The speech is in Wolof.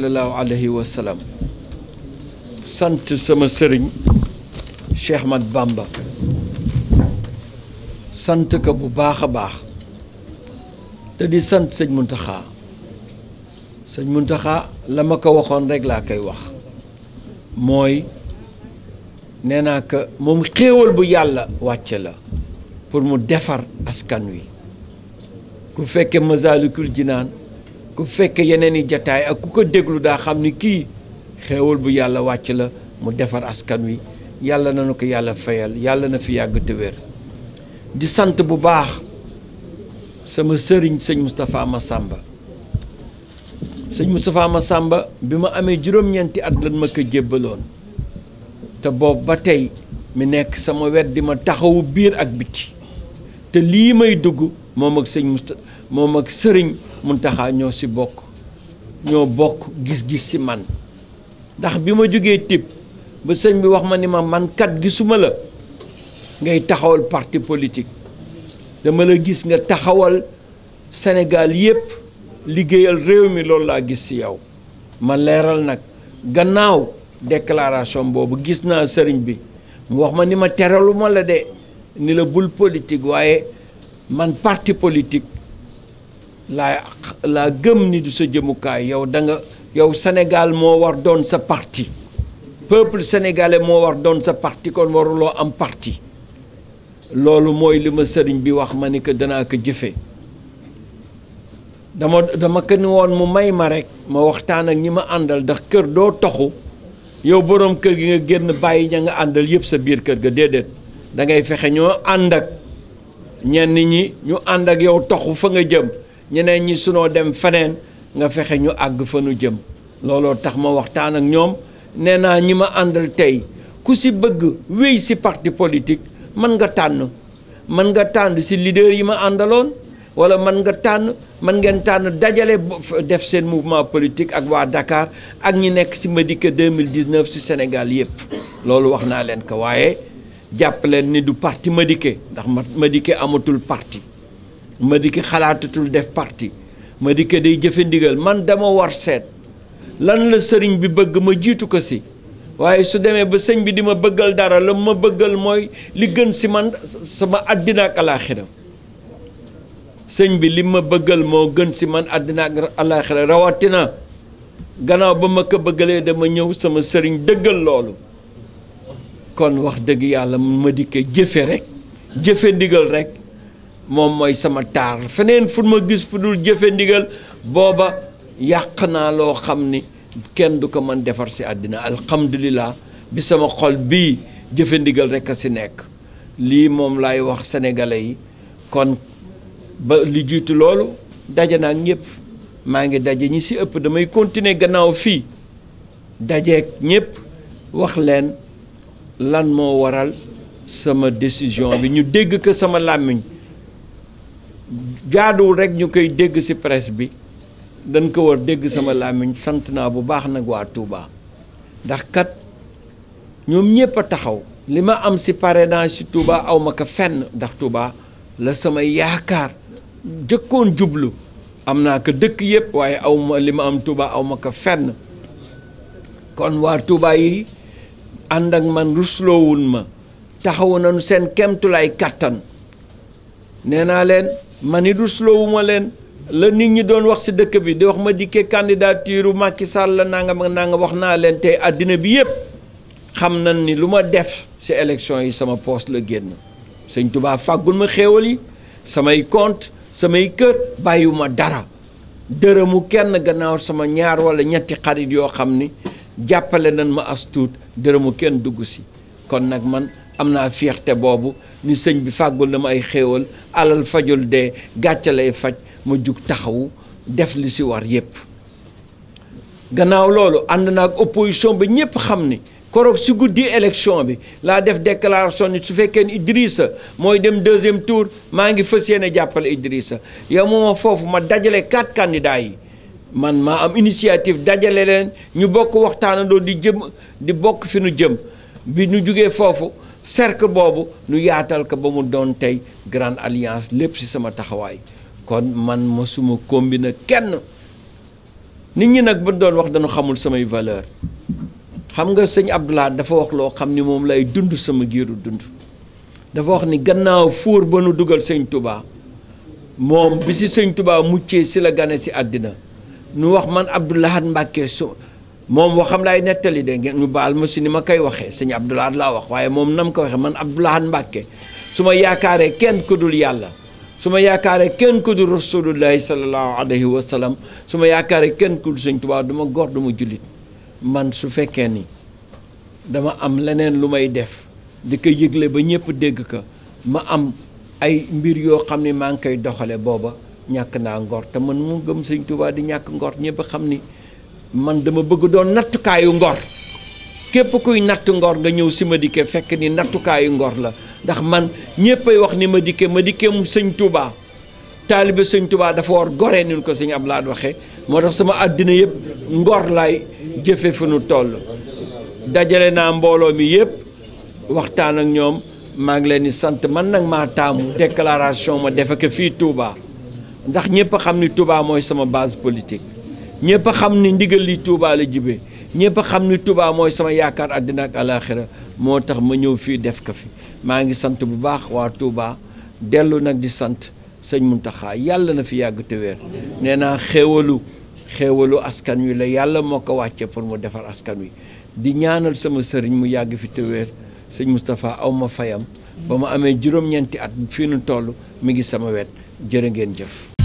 sallallahu alayhi wa sallam sant sama sëriñ Cheikh Mat sant ko bu baax a baax te di sant sëñ Muntaxa sëñ Muntaxa la ma ko waxoon rekk laa koy wax mooy nee naa ko moom xéewal bu yàlla wàcce la pour mu defar askan wi ku fekkee Masaalikul Jinaan ku fekke yeneen i jataay ak ku ko déglu daa xam ni kii xewul bu yàlla wàcc la mu defar askan wi yàlla na nu ko yàlla fayal yàlla na fi yàgg te wér di sant bu baax sama sëriñ sëñ Moustapha Massamba sëñ Moustapha sàmba bi ma amee juróom-ñeenti at lan ma ko jébbaloon te boobu ba tey mu nekk sama wet di ma taxawu biir ak biti te lii may dugg moom ak sëñ Musta moom ak sëriñ taxaa ñoo si bokk ñoo bokk gis-gis si man ndax bi ma jógee tib ba sëñ bi wax ma ni ma mankat kat gisuma la ngay taxawal parti politique dama la gis nga taxawal Sénégal yépp liggéeyal réew mi loolu laa gis si yow ma leeral nag gannaaw déclaration boobu gis naa sëriñ bi mu wax ma ni ma teraluma la de ni la bul politique waaye man parti politique laa laa gëm ni du sa jëmukaay yow danga yow senegal moo war doon sa parti peuple sénégalais moo war doon sa parti kon waruloo am parti loolu mooy li ma sëriñ bi wax ma ne que danaa ko jëfe dama dama ko ni woon mu may ma rekk ma waxtaan ak ñi ma àndal ndax kër doo toxu yow boroom kër gi nga génn bàyyi ña nga àndal yëpp sa biir kër ga déedéet dangay fexe ñoo ànd ak ñenn ñi ñu ànd ak yow toxu fa nga jëm ñeneen ñi sunoo dem feneen nga fexe ñu àgg fa nu jëm looloo tax ma waxtaan ak ñoom nee naa ñi ma àndal tey ku si bëgg wéy si parti politique mën nga tànn mën nga tànn si leader yi ma àndaloon wala mën nga tànn mën ngeen tànn dajale def seen mouvement politique ak waa Dakar ak ñi nekk si Madické 2019 si Sénégal yëpp loolu wax naa leen ko waaye jàpp leen ni du parti ma Madické ndax ma dikke amatul parti ma Madické xalaatatul def parti ma dikke day jëfe ndigal man dama war seet lan la sëriñ bi bëgg ma jiitu ko si waaye su demee ba sëñ bi di ma bëggal dara la ma bëggal mooy li gën si man sama àddina ak alaaxira sëñ bi li ma bëggal moo gën si man àddina ak alaaxira rawatina gannaaw ba ma ko bëggalee dama ñëw sama sëriñ dëggal loolu kon wax dëgg yàlla ma dikk jëfe rek jëfe ndigal rek moom mooy sama taar feneen fu ma gis fu dul jëfe ndigal booba yàq naa loo xam ni kenn du ko mën defar si àddina alhamdulilah bi sama xol bii jëfe ndigal rek a si nekk lii moom laay wax sénégalais yi kon ba li jiitu loolu daje naa ñépp maa ngi daje ñi si ëpp damay continuer gannaaw fii dajeek ñépp wax leen lan moo waral sama décision bi ñu dégg ko sama làmmiñ jaaduwul rekk ñu koy dégg ci presse bi dañ ko war dégg sama làmmiñ sant naa bu baax nag waa tuuba ndax kat ñoom ñépp a taxaw li ma am si parrainage ci Touba aw ma ko fenn ndax Touba la sama yaakaar jëkkoon jublu am naa ko dëkk yépp waaye aw li ma am Touba aw ko fenn kon waa Touba yi ànd ak man rusloowun ma taxawu nañu seen kemtulaay kàttan nee naa leen man it rusloowuma leen la nit ñi doon wax ci dëkk bi di wax ma dikkee candidature Macky Sall la nanga ma nanga wax naa leen tey àddina bi yépp xam nañ ni lu ma def ci élection yi sama poos la génn sëñ Tuubaa fàggul ma xéewal yi samay kont samay kër bàyyiwuma dara dërëmu kenn gannaaw sama ñaar walla ñetti xarit yoo xam ni jàppale nañ ma as tuut dërëmu kenn dugg si kon nag man am naa te boobu ni sëñ bi fàggul na ma ay xéewal alal fajul de gàcce faj ma jug taxawu def li si war yépp gannaaw loolu ànd naa ak opposition ba ñépp xam ni koroog si guddi élection bi laa def déclaration ni su fekkee ni Idrissa mooy dem deuxième tour maa ngi fas yéene jàppale Idrissa yow moom foofu ma dajale quatre candidats yi man maa am initiative dajale leen ñu bokk waxtaanandoo di jëm di bokk fi nu jëm bi nu jugee foofu serk boobu nu yaatal ko ba mu doon tey grande alliance lépp ci sama taxawaay kon man ma suma kombi na kenn nit ñi nag ba doon wax dañu xamul samay valeur xam nga sëñ Abdoulaye dafa wax loo xam ni moom lay dund sama giiru dund dafa wax ni gannaaw fuur ba nu dugal sëñ Touba moom bi si sëñ tubaa muccee si la gane si àddina nu wax man Abdou Lahad Mbacke su moom waxam laay nettali de ngeen ñu baal ma si ni ma koy waxee sëñ Abdou Lahad laa wax waaye moom nam ko waxee man Abdou Lahad su ma yaakaaree kenn ku dul yàlla su ma yaakaaree kenn ku dul rasulullahi sallallahu alayhi wa sallam su ma yaakaaree kenn ku dul sëñ Tuubaa du ma góor du ma jullit man su fekkee ni dama am leneen lu may def di ko yëgle ba ñëpp dégg ko ma am ay mbir yoo xam ne maa ngi koy doxale booba ñàkk naa ngor te man mu gëm sëñ Tuubaa di ñàkk ngor ñëpp xam ni man dama bëgg doon nattukaayu ngor képp kuy natt ngor nga ñëw si ma Madické fekk ni nattukaayu ngor la ndax man ñëppay wax ni ma Madické Madické mu sëñ Tuubaa taalibe sëñ Tuubaa dafa war gore ni ko sëñ Abdoulaye waxee moo tax sama àddina yëpp ngor laay jëfe fu nu toll dajale naa mbooloo mi yëpp waxtaan ak ñoom maa ngi leen di sant man nag maa taamu déclaration ma defe ko fii tuubaa ndax ñëpp xam ni Touba mooy sama base politique ñëpp xam ni ndigal li Touba la jibee ñëpp xam ni Touba mooy sama yaakaar àddina ak alaaxira moo tax ma ñëw fii def ko fi maa ngi sant bu baax waa tuubaa dellu nag di sant sëñ Muntaxa yàlla na fi yàgg te nee naa xéewalu xewalu askan wi la yàlla moo ko wàcce pour mu defar askan wi di ñaanal sama sëriñ mu yàgg fi te wér sëñ Moustapha aw ma fayam ba mu amee juróom-ñeenti at fii nu toll mi ngi sama wet jërë ngeen jëf